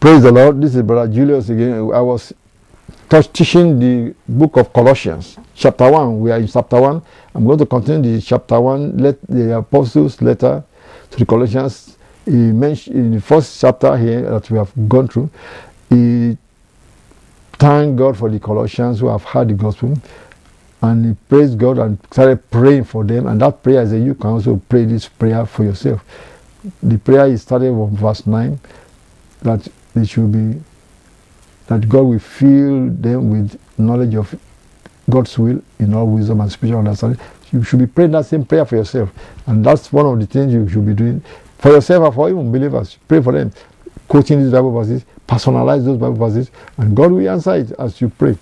Praise the Lord. This is Brother Julius again. I was teaching the book of Colossians, chapter 1. We are in chapter 1. I'm going to continue the chapter 1, let the apostles' letter to the Colossians. He mentioned in the first chapter here that we have gone through, he thanked God for the Colossians who have heard the gospel and he praised God and started praying for them. And that prayer, I said, you can also pray this prayer for yourself. The prayer is started from verse 9 that they should be that God will fill them with knowledge of God's will in all wisdom and spiritual understanding. You should be praying that same prayer for yourself. And that's one of the things you should be doing for yourself and for even believers. Pray for them. Quoting these Bible verses, personalize those Bible verses, and God will answer it as you pray.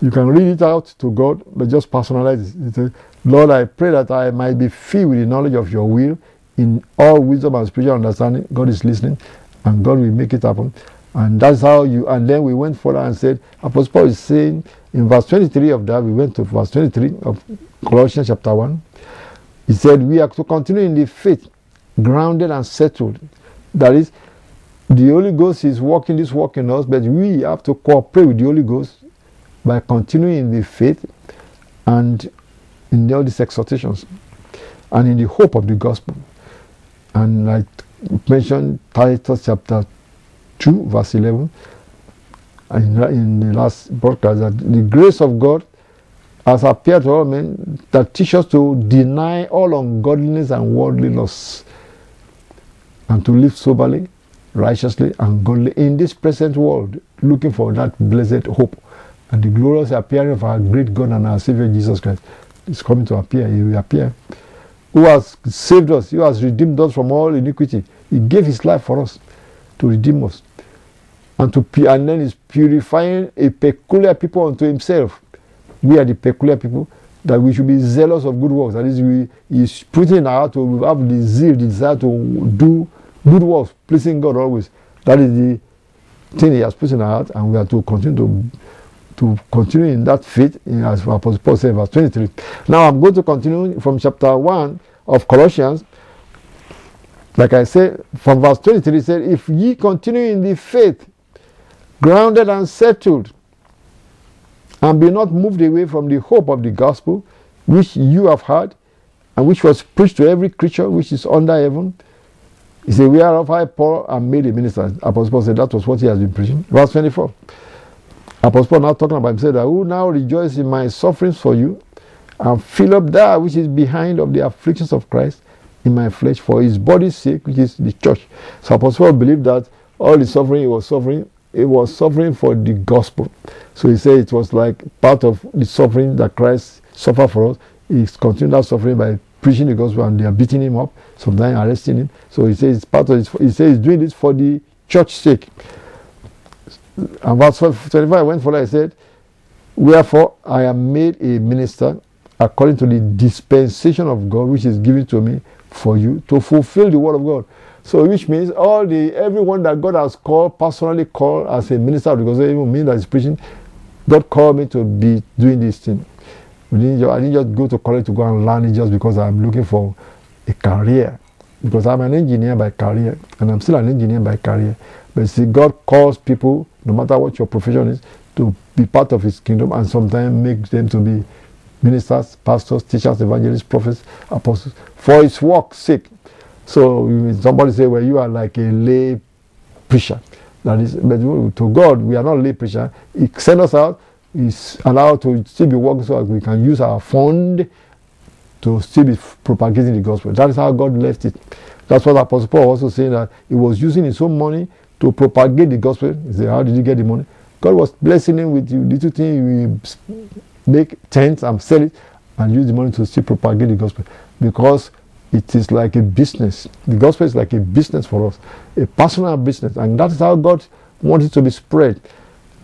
You can read it out to God, but just personalize it. Says, Lord, I pray that I might be filled with the knowledge of your will in all wisdom and spiritual understanding. God is listening and God will make it happen. And that's how you, and then we went further and said, Apostle Paul is saying in verse 23 of that, we went to verse 23 of Colossians chapter 1. He said, We are to continue in the faith, grounded and settled. That is, the Holy Ghost is working this work in us, but we have to cooperate with the Holy Ghost by continuing in the faith and in all these exhortations and in the hope of the gospel. And I mentioned Titus chapter 2, verse 11, and in the last broadcast, that the grace of God has appeared to all men that teach us to deny all ungodliness and worldliness, and to live soberly, righteously, and godly in this present world, looking for that blessed hope and the glorious appearing of our great God and our Savior Jesus Christ is coming to appear. He will appear. Who has saved us, who has redeemed us from all iniquity he gave his life for us to redeem us. And to and then is purifying a peculiar people unto himself. We are the peculiar people that we should be zealous of good works. That is, we is putting in our heart to have the zeal, the desire to do good works, pleasing God always. That is the thing He has put in our heart, and we are to continue to to continue in that faith, in, as Apostle Paul said, verse 23. Now I'm going to continue from chapter 1 of Colossians like I said, from verse 23, he said, If ye continue in the faith, grounded and settled, and be not moved away from the hope of the gospel which you have heard, and which was preached to every creature which is under heaven. He said, We are of high Paul and made a minister. Apostle Paul said that was what he has been preaching. Verse 24. Apostle Paul now talking about himself that who now rejoice in my sufferings for you and fill up that which is behind of the afflictions of Christ in my flesh for his body's sake, which is the church. So Apostle Paul believed that all the suffering he was suffering, he was suffering for the gospel. So he said it was like part of the suffering that Christ suffered for us. He's continued suffering by preaching the gospel and they are beating him up, sometimes arresting him. So he says it's part of his, he says he's doing this for the church's sake. And verse 25 went further, he said, Wherefore I am made a minister according to the dispensation of God which is given to me for you to fulfill the word of God. So, which means all the everyone that God has called personally called as a minister of the gospel, even me that is preaching, God called me to be doing this thing. I didn't just go to college to go and learn it just because I'm looking for a career. Because I'm an engineer by career, and I'm still an engineer by career. But see, God calls people, no matter what your profession is, to be part of His kingdom, and sometimes makes them to be ministers, pastors, teachers, evangelists, prophets, apostles, for his work's sake. So somebody say, well, you are like a lay preacher. That is, but to God, we are not lay preacher. He sent us out. He's allowed to still be working so that we can use our fund to still be propagating the gospel. That is how God left it. That's what Apostle Paul also saying that he was using his own money to propagate the gospel. He said, How did you get the money? God was blessing him with the little thing make tents and sell it and use the money to still propagate the gospel because it is like a business. The gospel is like a business for us, a personal business, and that is how God wants it to be spread.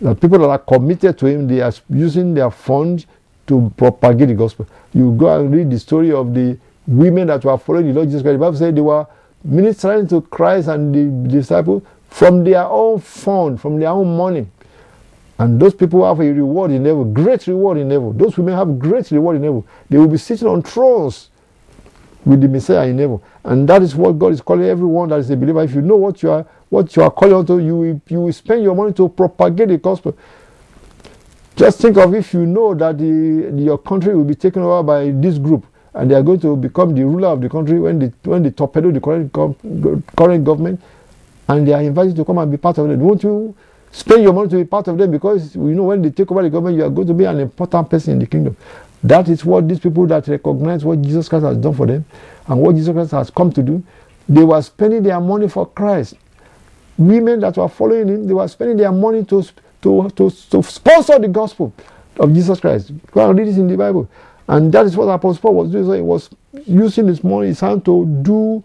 The people that are committed to Him, they are using their funds to propagate the gospel. You go and read the story of the women that were following the Lord Jesus Christ. The Bible said they were ministering to Christ and the disciples from their own fund, from their own money. And those people have a reward in heaven, great reward in heaven. Those women have great reward in heaven. They will be sitting on thrones with the Messiah in heaven. And that is what God is calling everyone that is a believer. If you know what you are, what you are calling unto, you will, you will spend your money to propagate the gospel. Just think of if you know that the, the, your country will be taken over by this group and they are going to become the ruler of the country when they, when they torpedo the current, current government and they are invited to come and be part of it. Won't you? Spend your money to be part of them because you know when they take over the government, you are going to be an important person in the kingdom. That is what these people that recognize what Jesus Christ has done for them and what Jesus Christ has come to do, they were spending their money for Christ. Women that were following him, they were spending their money to, to, to, to sponsor the gospel of Jesus Christ. Go and read this in the Bible. And that is what Apostle Paul was doing. So he was using his money, his hand to do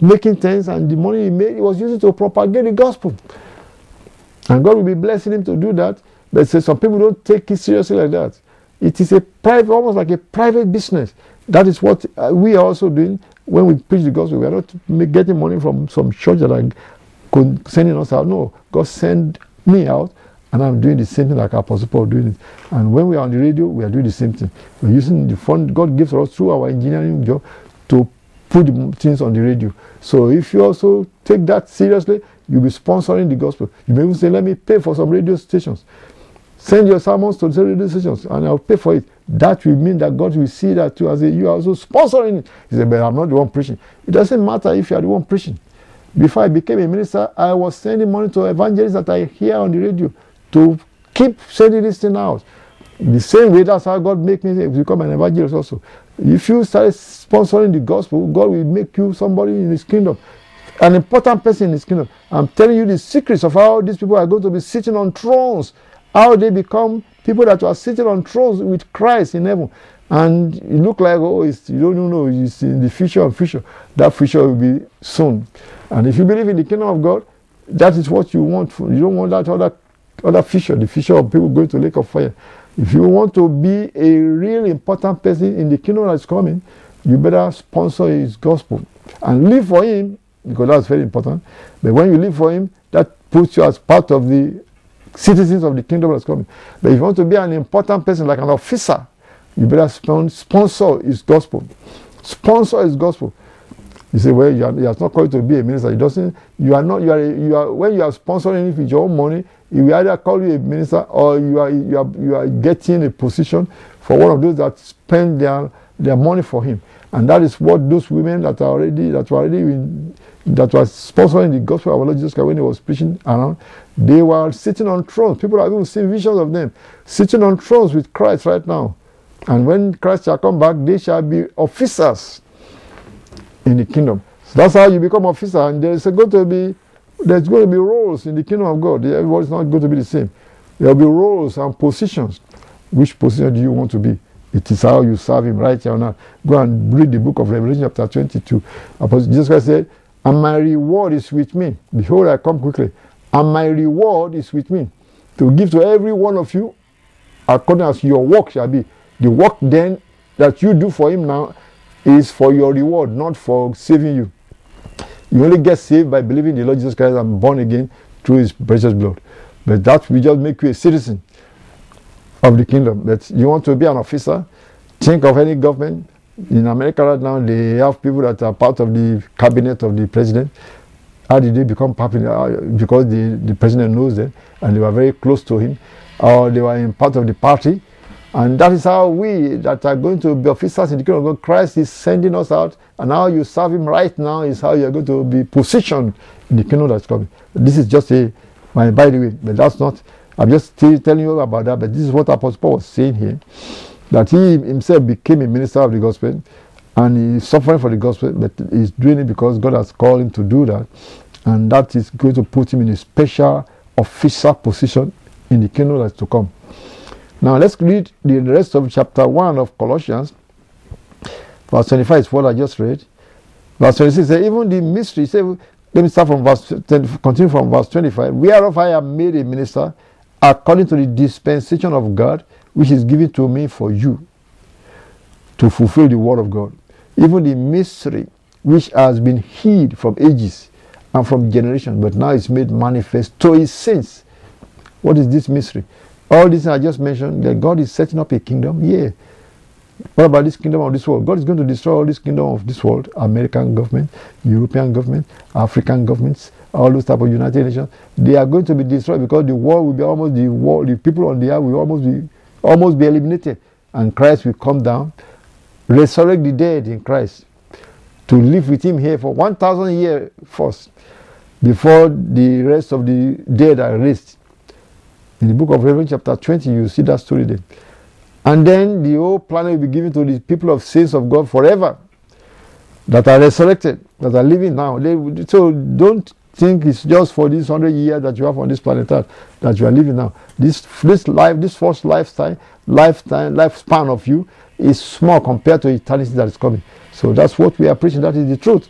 making things, and the money he made, he was using to propagate the gospel. And God will be blessing him to do that. But say some people don't take it seriously like that. It is a private, almost like a private business. That is what uh, we are also doing when we preach the gospel. We are not getting money from some church that are sending us out. No, God send me out and I'm doing the same thing like Apostle Paul doing it. And when we are on the radio, we are doing the same thing. We're using the fund God gives us through our engineering job to put things on the radio. So if you also take that seriously, You'll be sponsoring the gospel. You may even say, let me pay for some radio stations. Send your sermons to the radio stations and I'll pay for it. That will mean that God will see that too as a, you are also sponsoring it. He said, but I'm not the one preaching. It doesn't matter if you are the one preaching. Before I became a minister, I was sending money to evangelists that I hear on the radio to keep sending this thing out. The same way that's how God make me become an evangelist also. If you start sponsoring the gospel, God will make you somebody in his kingdom an important person in his kingdom. I'm telling you the secrets of how these people are going to be sitting on thrones, how they become people that are sitting on thrones with Christ in heaven. And it look like, oh, it's, you don't even know, it's in the future and future. That future will be soon. And if you believe in the kingdom of God, that is what you want. You don't want that other, other future, the future of people going to lake of fire. If you want to be a real important person in the kingdom that's coming, you better sponsor his gospel and live for him because that's very important. But when you live for Him, that puts you as part of the citizens of the kingdom that's coming. But if you want to be an important person, like an officer, you better sponsor His gospel. Sponsor His gospel. You say, well, you are, not called to be a minister. He doesn't. You are not. You are. You are. When you are sponsoring it with your own money, he will either call you a minister or you are. You are. You are getting a position for one of those that spend their their money for him. And that is what those women that are already that were already in, that were sponsoring the gospel of our Lord Jesus Christ when he was preaching around, they were sitting on thrones. People have even seen visions of them sitting on thrones with Christ right now. And when Christ shall come back, they shall be officers in the kingdom. So that's how you become officer, and there is going to be there's going to be roles in the kingdom of God. Everybody's not going to be the same. There will be roles and positions. Which position do you want to be? It is how you serve him right here now. Go and read the book of Revelation chapter 22. Apostle Jesus Christ said, And my reward is with me. Behold, I come quickly. And my reward is with me to give to every one of you according as your work shall be. The work then that you do for him now is for your reward, not for saving you. You only get saved by believing the Lord Jesus Christ and born again through his precious blood. But that will just make you a citizen of the kingdom. But you want to be an officer? Think of any government. In America right now, they have people that are part of the cabinet of the president. How did they become popular? Because the, the president knows them and they were very close to him, or they were in part of the party. And that is how we that are going to be officers in the kingdom of God, Christ is sending us out, and how you serve Him right now is how you are going to be positioned in the kingdom that's coming. This is just a, by the way, but that's not I'm just telling you about that, but this is what Apostle Paul was saying here that he himself became a minister of the gospel and he's suffering for the gospel, but he's doing it because God has called him to do that. And that is going to put him in a special official position in the kingdom that's to come. Now let's read the rest of chapter 1 of Colossians. Verse 25 is what I just read. Verse 26 says, even the mystery, say, let me start from verse, continue from verse 25. Whereof I am made a minister according to the dispensation of God, which is given to me for you to fulfill the word of God. Even the mystery which has been hid from ages and from generations, but now is made manifest to his saints. What is this mystery? All these I just mentioned that God is setting up a kingdom. Yeah. What about this kingdom of this world? God is going to destroy all this kingdom of this world American government, European government, African governments, all those type of United Nations, they are going to be destroyed because the world will be almost the world, the people on the earth will almost be almost be eliminated, and Christ will come down, resurrect the dead in Christ, to live with Him here for one thousand years first, before the rest of the dead are raised. In the book of Revelation chapter twenty, you see that story there. And then the whole planet will be given to the people of saints of God forever that are resurrected, that are living now. They, so don't think it's just for this hundred years that you have on this planet Earth that you are living now. This this life, this first lifetime, lifetime, lifespan of you is small compared to eternity that is coming. So that's what we are preaching. That is the truth.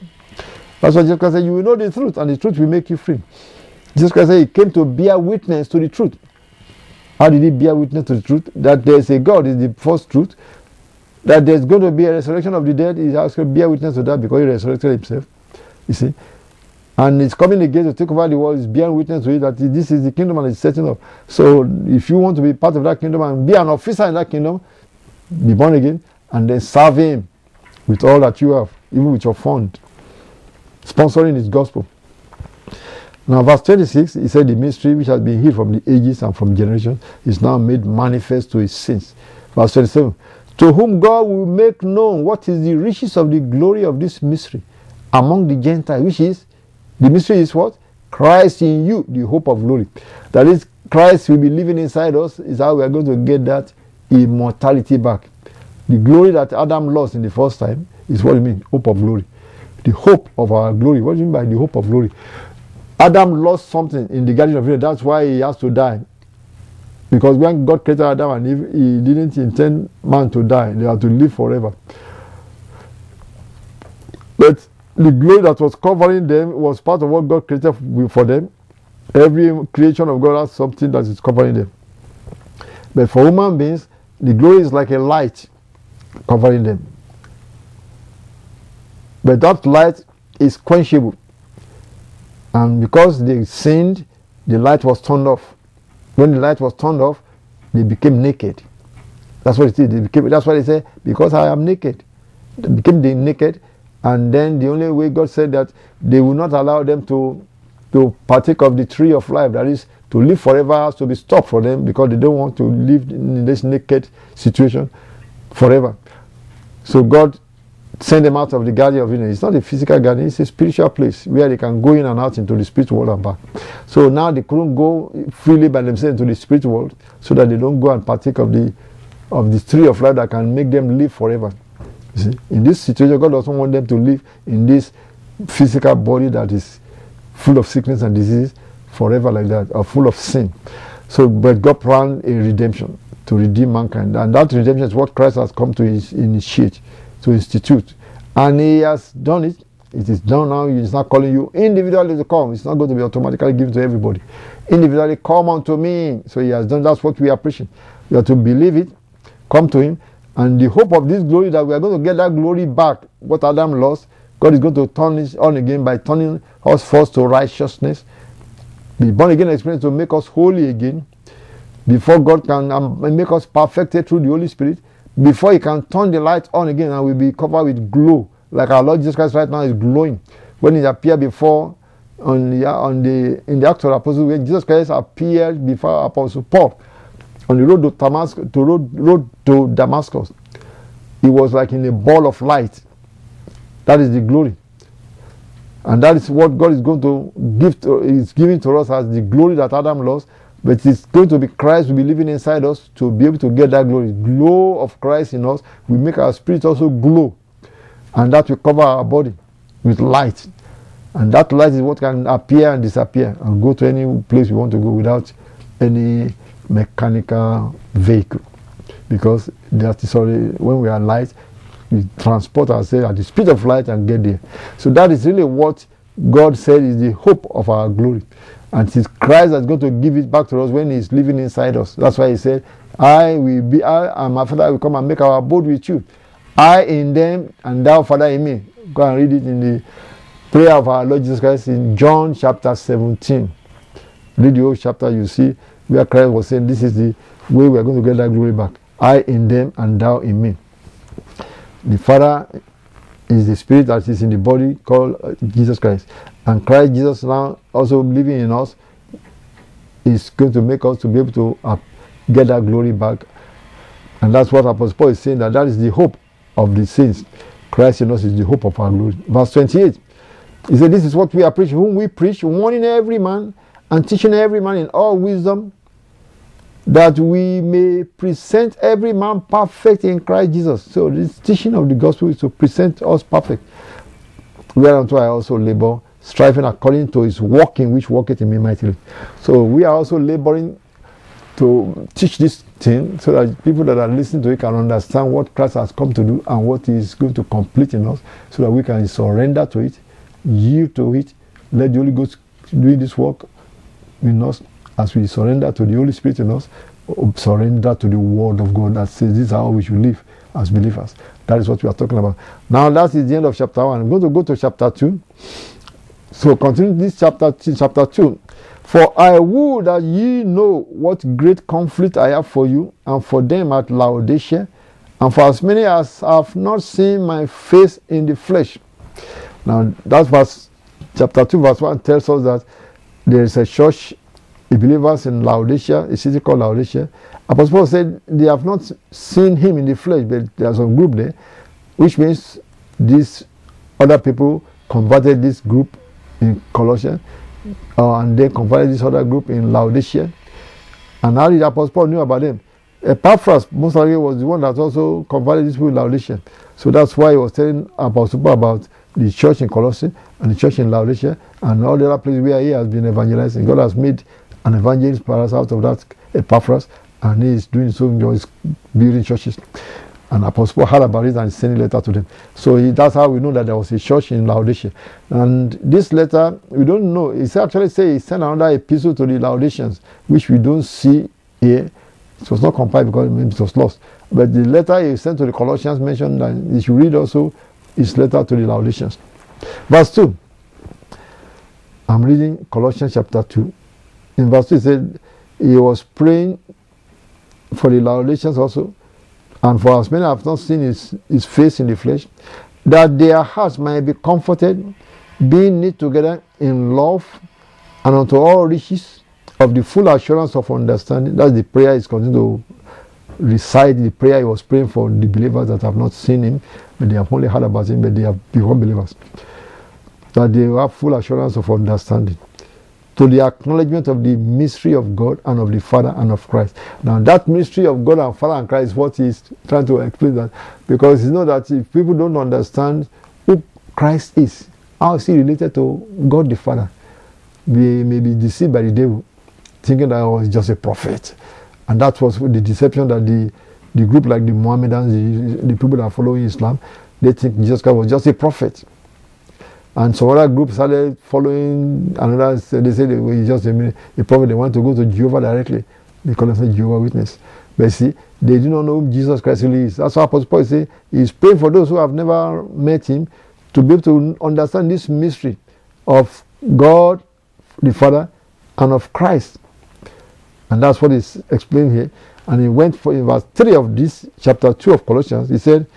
That's what Jesus Christ said. You will know the truth, and the truth will make you free. Jesus Christ said he came to bear witness to the truth. How did he bear witness to the truth? That there is a God is the first truth. That there's going to be a resurrection of the dead, he has to bear witness to that because he resurrected himself. You see, and it's coming again to take over the world, it's bearing witness to it that this is the kingdom and it's setting up. So if you want to be part of that kingdom and be an officer in that kingdom, be born again and then serve him with all that you have, even with your fund. Sponsoring his gospel. Now, verse 26, he said, The mystery which has been hid from the ages and from generations is now made manifest to his saints. Verse 27, To whom God will make known what is the riches of the glory of this mystery among the Gentiles, which is the mystery is what? Christ in you, the hope of glory. That is, Christ will be living inside us, is how we are going to get that immortality back. The glory that Adam lost in the first time is what you mean, hope of glory. The hope of our glory. What do you mean by the hope of glory? Adam lost something in the Garden of Eden. That's why he has to die. Because when God created Adam and Eve, he didn't intend man to die. They are to live forever. But the glory that was covering them was part of what God created for them. Every creation of God has something that is covering them. But for human beings, the glory is like a light covering them. But that light is quenchable. And because they sinned, the light was turned off. When the light was turned off, they became naked. That's what it is. They became, that's why they say, because I am naked. They became naked and then the only way God said that they will not allow them to, to partake of the tree of life, that is, to live forever has to be stopped for them because they don't want to live in this naked situation forever. So God sent them out of the garden of Eden. It's not a physical garden, it's a spiritual place where they can go in and out into the spirit world and back. So now they couldn't go freely by themselves into the spirit world so that they don't go and partake of the of the tree of life that can make them live forever. You see, in this situation, God doesn't want them to live in this physical body that is full of sickness and disease forever like that, or full of sin. So, but God planned a redemption to redeem mankind, and that redemption is what Christ has come to initiate, to institute, and He has done it. It is done now. He's not calling you individually to come. It's not going to be automatically given to everybody. Individually, come unto me. So He has done. That's what we are preaching. You have to believe it, come to Him, and the hope of this glory that we are going to get that glory back, what Adam lost, God is going to turn it on again by turning us first to righteousness. The born again experience to make us holy again. Before God can um, make us perfected through the Holy Spirit, before He can turn the light on again and we'll be covered with glow, like our Lord Jesus Christ right now is glowing. When He appeared before on the, on the in the Acts of the Apostles, when Jesus Christ appeared before Apostle Paul, on the road to Damascus, to road, road to Damascus, it was like in a ball of light. That is the glory. And that is what God is going to give to, is giving to us as the glory that Adam lost. But it's going to be Christ will be living inside us to be able to get that glory. Glow of Christ in us We make our spirit also glow. And that will cover our body with light. And that light is what can appear and disappear and go to any place we want to go without any mechanical vehicle because that is only when we are light we transport ourselves at the speed of light and get there so that is really what god said is the hope of our glory and it is christ that's going to give it back to us when he's living inside us that's why he said i will be i and my father will come and make our abode with you i in them and thou father in me go and read it in the prayer of our lord jesus christ in john chapter seventeen read the whole chapter you see where Christ was saying, This is the way we are going to get that glory back. I in them and thou in me. The Father is the Spirit that is in the body called uh, Jesus Christ. And Christ Jesus now also living in us is going to make us to be able to uh, get that glory back. And that's what Apostle Paul is saying that that is the hope of the saints. Christ in us is the hope of our glory. Verse 28. He said, This is what we are preaching, whom we preach, warning every man and teaching every man in all wisdom that we may present every man perfect in Christ Jesus. So this teaching of the gospel is to present us perfect. Whereunto I also labor, striving according to his working which worketh in me mightily. So we are also laboring to teach this thing so that people that are listening to it can understand what Christ has come to do and what he is going to complete in us so that we can surrender to it, yield to it, let the Holy Ghost do this work in us as we surrender to the Holy Spirit in us, um, surrender to the Word of God that says this is how we should live as believers. That is what we are talking about. Now, that is the end of chapter 1. I'm going to go to chapter 2. So, continue this chapter, chapter 2. For I would that ye know what great conflict I have for you and for them at Laodicea, and for as many as have not seen my face in the flesh. Now, that verse, chapter 2, verse 1 tells us that there is a church the believers in Laodicea, a city called Laodicea. Apostle Paul said they have not seen him in the flesh, but there's a group there, which means these other people converted this group in Colossians, uh, and they converted this other group in Laodicea. And how did Apostle Paul knew about them? Epaphras, most likely, was the one that also converted this people in Laodicea. So that's why he was telling Apostle Paul about the church in Colossae and the church in Laodicea and all the other places where he has been evangelizing. God has made an evangelist perhaps out of that Epaphras, and he is doing so enjoy building churches. And Apostle Paul heard about it and sent a letter to them. So he, that's how we know that there was a church in Laodicea. And this letter, we don't know. It's actually say he sent another epistle to the Laodiceans, which we don't see here. It was not compiled because maybe it was lost. But the letter he sent to the Colossians mentioned that you should read also his letter to the Laodiceans. Verse 2. I'm reading Colossians chapter 2, in verse 3, he said he was praying for the Laodiceans also, and for as many have not seen his, his face in the flesh, that their hearts might be comforted, being knit together in love and unto all riches of the full assurance of understanding. That's the prayer he's continuing to recite, the prayer he was praying for the believers that have not seen him, but they have only heard about him, but they have become believers. That they have full assurance of understanding to the acknowledgement of the mystery of God and of the Father and of Christ. Now, that mystery of God and Father and Christ is what he's trying to explain that because you know that if people don't understand who Christ is, how is he related to God the Father, they may be deceived by the devil, thinking that I was just a prophet. And that was the deception that the, the group like the Mohammedans, the, the people that are following Islam, they think Jesus Christ was just a prophet. And some other group started following another. They said they just a, minute, a prophet. They want to go to Jehovah directly. They call themselves Jehovah Witness. But see, they do not know who Jesus Christ really is. That's why Apostle Paul says he's praying for those who have never met him to be able to understand this mystery of God the Father and of Christ. And that's what he's explaining here. And he went for in verse 3 of this chapter 2 of Colossians, he said,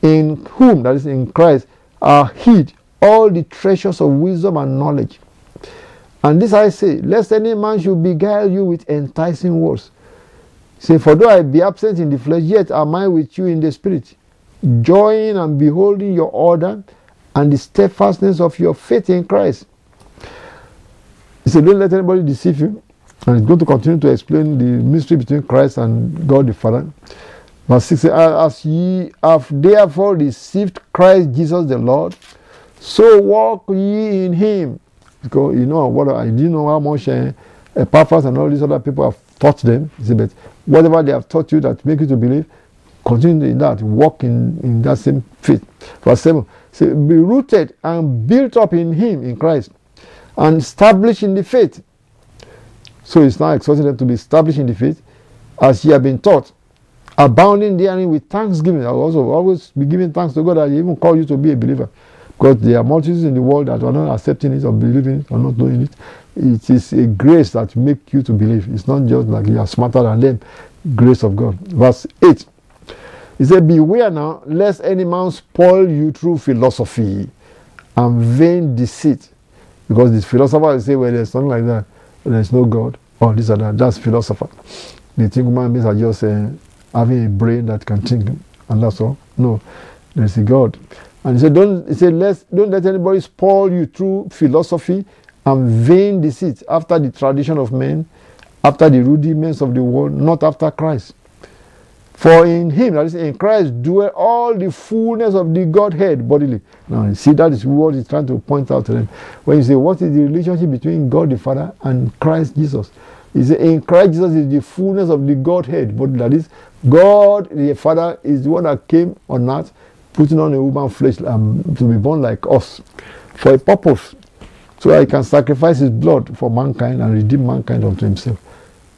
In whom, that is in Christ, are hid all the treasures of wisdom and knowledge. And this I say, lest any man should beguile you with enticing words. Say, for though I be absent in the flesh, yet am I with you in the spirit, joying and beholding your order and the steadfastness of your faith in Christ. He said, don't let anybody deceive you. And he's going to continue to explain the mystery between Christ and God the Father. Verse 6 As ye have therefore received Christ Jesus the Lord, so walk ye in him. Because you know what I do know how much uh, Epaphras and all these other people have taught them. See, but whatever they have taught you that make you to believe, continue in that. Walk in, in that same faith. Verse 7. Say, be rooted and built up in him, in Christ, and established in the faith. So it's now exhorting them to be established in the faith as ye have been taught, abounding therein with thanksgiving. I also always be giving thanks to God that He even called you to be a believer. Because there are multitudes in the world that are not accepting it or believing it or not doing it. It is a grace that makes you to believe. It's not just like you are smarter than them. Grace of God. Verse 8. He said, Beware now, lest any man spoil you through philosophy and vain deceit. Because the philosopher will say, Well, there's something like that. There's no God. Or this and that. That's philosopher. They think human beings are just uh, having a brain that can think, and that's all. No, there's a God. And he said, don't, he said Let's, don't let anybody spoil you through philosophy and vain deceit after the tradition of men, after the rudiments of the world, not after Christ. For in him, that is, in Christ, dwell all the fullness of the Godhead bodily. Now, you see, that is what he's trying to point out to them. When you say, What is the relationship between God the Father and Christ Jesus? He said, In Christ Jesus is the fullness of the Godhead bodily. That is, God the Father is the one that came on earth putting on a human flesh um, to be born like us for a purpose so that he can sacrifice his blood for mankind and redeem mankind unto himself.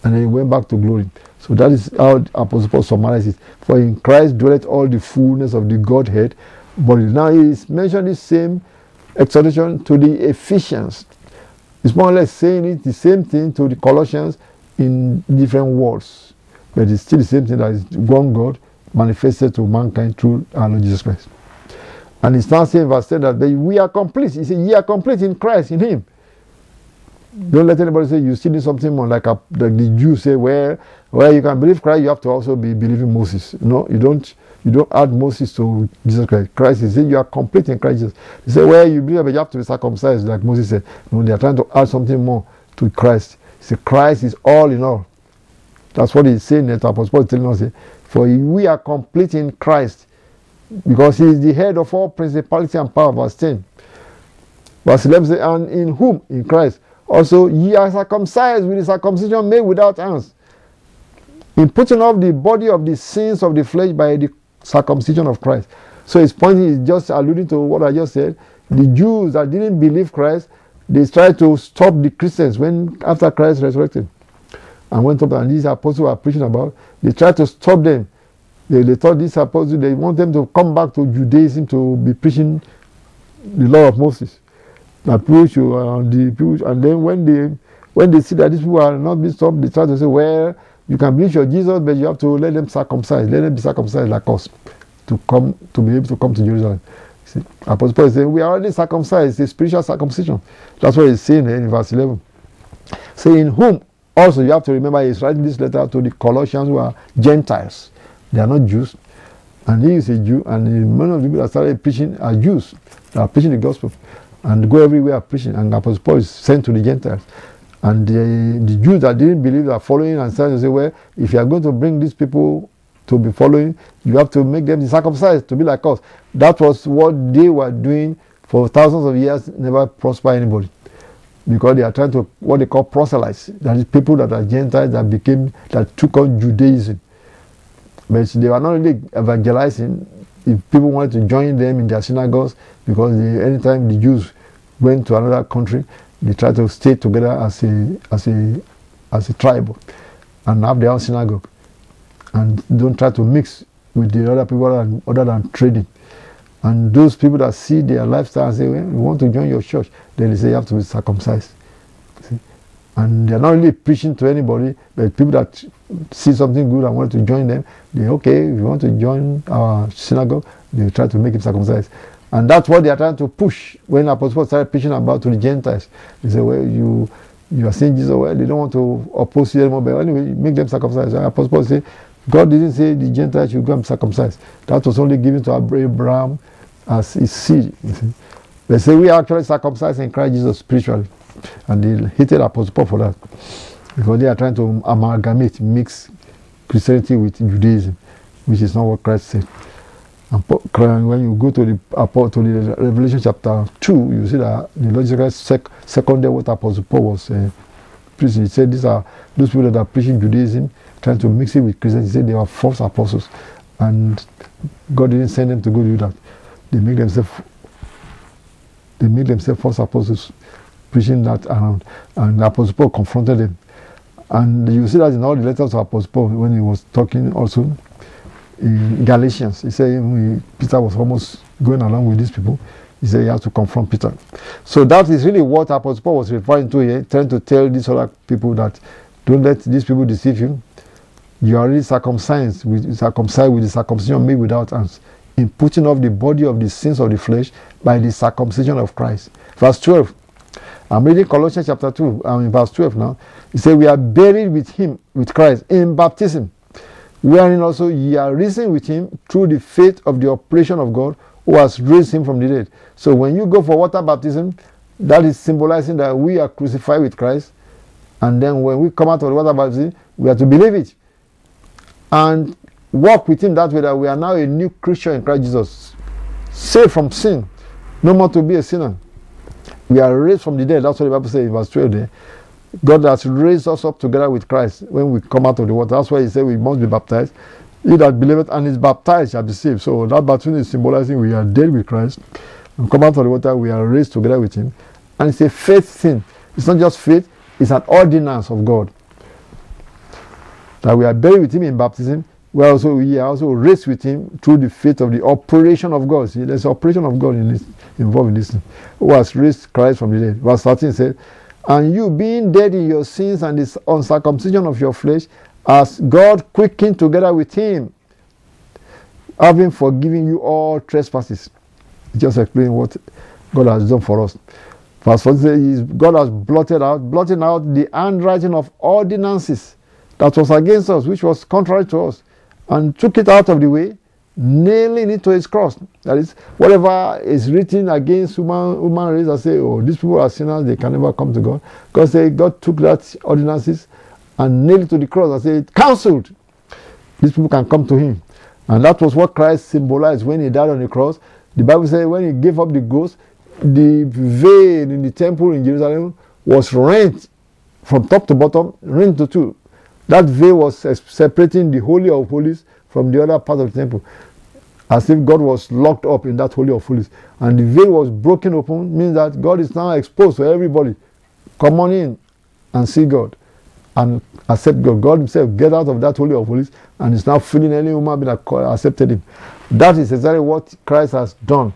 And then he went back to glory. So that is how Apostle Paul summarizes it. For in Christ dwelleth all the fullness of the Godhead. But now he is mentioning the same exhortation to the Ephesians. It's more or less saying it the same thing to the Colossians in different words. But it's still the same thing that is one God manifested to mankind through our Lord Jesus Christ. And it's not saying verse 10 that we are complete. He said, "You are complete in Christ, in Him. Don't let anybody say you still need something more. Like, a, like the Jews say, where, well, you can believe Christ, you have to also be believing Moses. No, you don't. You don't add Moses to Jesus Christ. Christ is saying you are complete in Christ Jesus. He said, where you believe, but you have to be circumcised, like Moses said. No, they are trying to add something more to Christ. He said, Christ is all in all. That's what he's saying that Apostle Paul is telling us here. For we are complete in Christ, because he is the head of all principality and power. Verse 10. Verse 11 says, And in whom? In Christ. Also, ye are circumcised with the circumcision made without hands, in putting off the body of the sins of the flesh by the circumcision of Christ. So his point is just alluding to what I just said. The Jews that didn't believe Christ, they tried to stop the Christians when after Christ resurrected and went up and these apostles were preaching about. They tried to stop them. They, they thought these apostles, they want them to come back to Judaism to be preaching the law of Moses. That people and, uh, the and then when they, when they see that these people are not being stopped, they try to say, well, you can believe your Jesus, but you have to let them circumcise, let them be circumcised like us to come to be able to come to Jerusalem. See, Apostle Paul is saying, We are already circumcised, it's a spiritual circumcision. That's what he's saying in verse 11. Saying, Whom also, you have to remember he's writing this letter to the Colossians who are Gentiles. They are not Jews. And he is a Jew, and many of the people that started preaching are Jews. They are preaching the gospel and go everywhere preaching. And Apostle Paul is sent to the Gentiles. And the, the Jews that didn't believe are following and started to say, well, if you are going to bring these people to be following, you have to make them circumcised to be like us. That was what they were doing for thousands of years, never prosper anybody because they are trying to what they call proselytes. That is people that are Gentiles that became that took on Judaism. But they were not really evangelizing. If people wanted to join them in their synagogues, because they, anytime the Jews went to another country, they tried to stay together as a as a as a tribe and have their own synagogue, and don't try to mix with the other people other than, other than trading. And those people that see their lifestyle and say, well, we want to join your church, then they say you have to be circumcised. See? And they're not really preaching to anybody, but people that see something good and want to join them, they okay, if you want to join our synagogue, they try to make him circumcised. And that's what they are trying to push when Apostle Paul started preaching about to the Gentiles. They say, well, you you are seeing Jesus, well, they don't want to oppose you anymore, but anyway, make them circumcised. And Apostle Paul said, God didn't say the Gentiles should go and circumcised. That was only given to Abraham as he see, They say we actually circumcised in Christ Jesus spiritually. And they hated Apostle Paul for that. Because they are trying to amalgamate, mix Christianity with Judaism, which is not what Christ said. And when you go to the, to the Revelation chapter 2, you see that the logical sec, second day what Apostle Paul was uh, preaching. He said these are those people that are preaching Judaism, trying to mix it with Christianity. He said they are false apostles. And God didn't send them to go do that. They make themselves they made themselves false apostles, preaching that around. And Apostle Paul confronted them. And you see that in all the letters of Apostle Paul when he was talking also in Galatians. He said hmm, he, Peter was almost going along with these people. He said he had to confront Peter. So that is really what Apostle Paul was referring to here, trying to tell these other people that don't let these people deceive you. You are already circumcised with circumcised with the circumcision made without hands in putting off the body of the sins of the flesh by the circumcision of Christ. Verse 12. I'm reading Colossians chapter 2, I'm in verse 12 now. He says, We are buried with him, with Christ, in baptism, wherein also ye are risen with him through the faith of the operation of God who has raised him from the dead. So when you go for water baptism, that is symbolizing that we are crucified with Christ. And then when we come out of the water baptism, we are to believe it. And walk with Him that way that we are now a new creature in Christ Jesus, saved from sin, no more to be a sinner. We are raised from the dead. That's what the Bible says in verse 12. There. God has raised us up together with Christ when we come out of the water. That's why He said we must be baptized. He that believeth and is baptized shall be saved. So that baptism is symbolizing we are dead with Christ. And come out of the water, we are raised together with Him. And it's a faith thing. It's not just faith, it's an ordinance of God. That we are buried with Him in baptism we also we are also raised with him through the faith of the operation of God. See, there's operation of God in this, involved in this thing. Who has raised Christ from the dead. Verse 13 said, And you being dead in your sins and the uncircumcision of your flesh, as God quickened together with him, having forgiven you all trespasses. Just explain what God has done for us. Verse 14 says, God has blotted out, blotting out the handwriting of ordinances that was against us, which was contrary to us and took it out of the way, nailing it to his cross. That is, whatever is written against human, human race, I say, oh, these people are sinners, they can never come to God. Because they, God took that ordinances and nailed it to the cross. I say, cancelled. These people can come to him. And that was what Christ symbolized when he died on the cross. The Bible says when he gave up the ghost, the veil in the temple in Jerusalem was rent from top to bottom, rent to two. That veil was separating the Holy of Holies from the other part of the temple, as if God was locked up in that Holy of Holies. And the veil was broken open, means that God is now exposed to everybody. Come on in and see God and accept God. God Himself get out of that Holy of Holies and is now filling any human being that accepted Him. That is exactly what Christ has done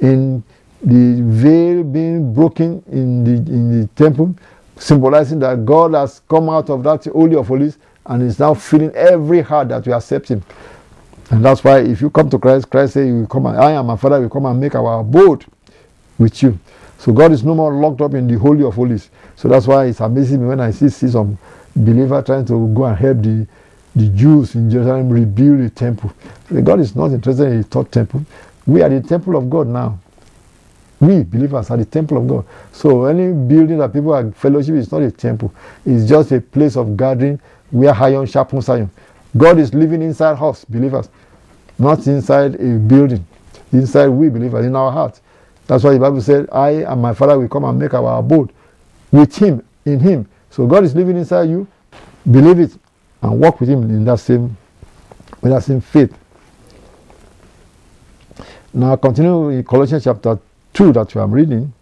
in the veil being broken in the, in the temple symbolizing that God has come out of that holy of holies and is now filling every heart that we accept Him. And that's why if you come to Christ, Christ says, come and I am my Father will come and make our abode with you." So God is no more locked up in the holy of holies. So that's why it's amazing when I see, see some believer trying to go and help the the Jews in Jerusalem rebuild the temple. God is not interested in the third temple. We are the temple of God now. We believers are the temple of God. So any building that people are fellowship is not a temple. It's just a place of gathering where Hayon sharpens iron. God is living inside us, believers, not inside a building. Inside we believers, in our hearts. That's why the Bible said, I and my Father will come and make our abode with Him, in Him. So God is living inside you. Believe it and walk with Him in that same, with that same faith. Now continue in Colossians chapter 2 that you are reading,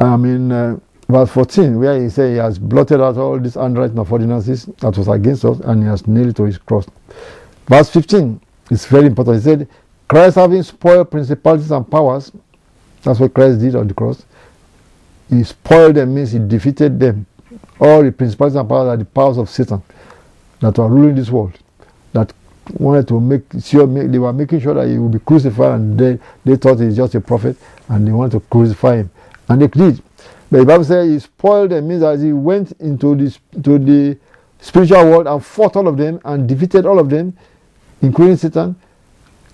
I mean, uh, verse 14, where he says he has blotted out all this handwriting of ordinances that was against us and he has nailed to his cross. Verse 15 is very important. He said, Christ having spoiled principalities and powers, that's what Christ did on the cross. He spoiled them, means he defeated them. All the principalities and powers are the powers of Satan that are ruling this world, that wanted to make sure they were making sure that he would be crucified and they, they thought he's just a prophet and they wanted to crucify him and they did but the bible says he spoiled them means that he went into the to the spiritual world and fought all of them and defeated all of them including satan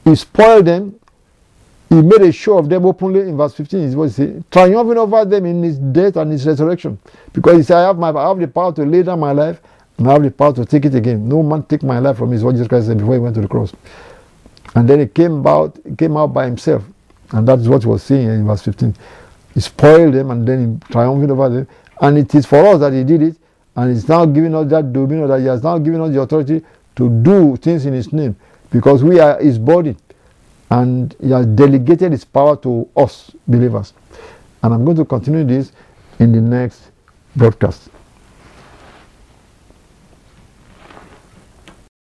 he spoiled them he made a show of them openly in verse 15 is what he said triumphing over them in his death and his resurrection because he said i have my i have the power to lay down my life now the power to take it again. No man take my life from me is what Jesus Christ said before he went to the cross. And then he came out, came out by himself. And that's what was saying in verse 15. He spoiled them and then he triumphed over them. And it is for us that he did it. And he's now giving us that dominion that he has now given us the authority to do things in his name. Because we are his body. And he has delegated his power to us believers. And I'm going to continue this in the next broadcast.